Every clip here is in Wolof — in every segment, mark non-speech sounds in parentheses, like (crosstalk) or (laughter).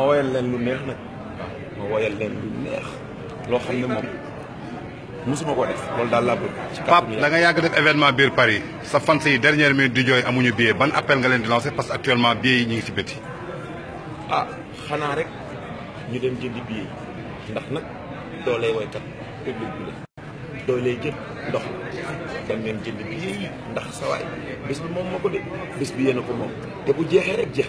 ma woyal leen lu neex nag ma woyal leen lu neex loo xam ne moom mosuma koo def loolu daal laa bëgg. ci Pape da nga yàgg def événement biir Paris sa fans yi dernière minute di jooy amuñu billet ban appel nga leen di lancer parce que actuellement billet yi ñu ngi ci bëtti. ah xanaa rek ñu dem jëndi billet ndax nag doolee woykat public bi la doolee jëpp ndox la dem leen jëndi yi ndax sa waay bés bi moom moo ko de bés bi yéen ko moom te bu jeexee rek jeex.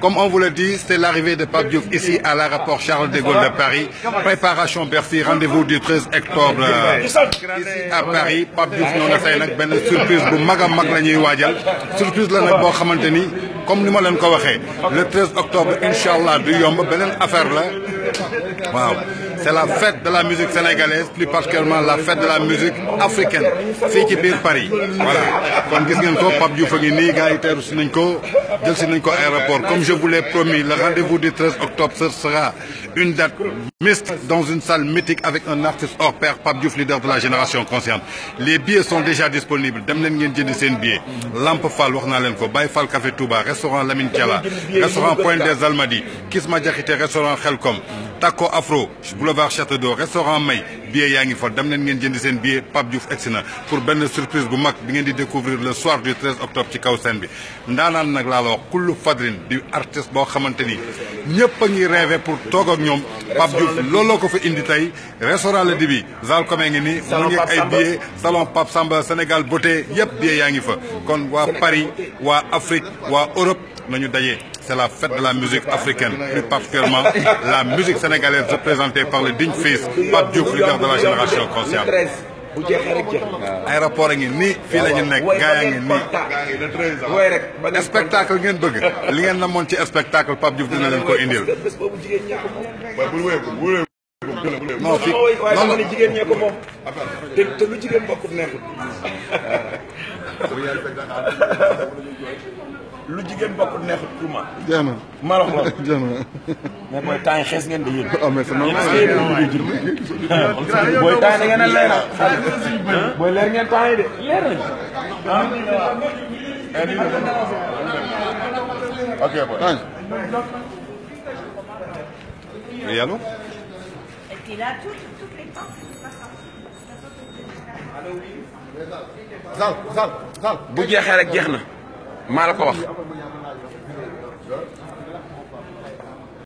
comme on vous le dit c'est l'arrivée de Pape Diouf ici à l'aéroport Charles de Gaulle de Paris préparation Bercy rendez-vous du 13 octobre ici à Paris Pape Diouf nous na fait une surprise pour Magam Maglani mag surprise la nous, comme nous l'avons dit, le 13 octobre Inch'Allah, du yomb affaire là c'est la fête de la musique sénégalaise plus particulièrement la fête de la musique africaine C'est qui Paris voilà Comme ko Pape Diouf aéroport comme je vous l'ai promis le rendez-vous du 13 octobre sera une date mixte dans une salle mythique avec un artiste hors pair Pape Diouf leader de la génération consciente les billets sont déjà disponibles dem vous ngeen des billets. billet Lamp Fall wax Café Touba restaurant Lamine restaurant Point des Almadies Kisma restaurant Xelkom Taco Afro boulevard Château d'Eau restaurant May bié yaa ngi fa dem leen ngeen jëndi seen Pape Diouf egsi pour belle surprise bu mag bi ngeen di découvrir le soir du 13 octobre ci kaw seen bi ndaanaan nag la wax fadrin di artiste Bo xamante ni ngi rêvé pour Togo ak Pape Diouf looloo ko fa indi restaurant le Dibi zal comee ngi nii mu ngi ay salon Pape Samba Sénégal beauté yep bié yaa ngi fa kon waa Paris waa Afrique waa Europe nañu d'ailleurs c'est la fête de la musique africaine, plus particulièrement la musique sénégalaise représentée par le digne fils Pape Diouf, leader de la génération consciente. spectacle spectacle Pape lu jigéen bokkul neexut pour moi. jeex na ma wax loolu. (laughs) jeex na mais booy temps yi xees ngeen di yéen. ah mais c'est normal (laughs) (laughs) booy temps yi da ngeen a leeral. booy leer ngeen temps yi de leer nañu. Ah. ok booy. oui allo. Zal Zal Zal. bu jeexee rek jeex na. maa la ko wax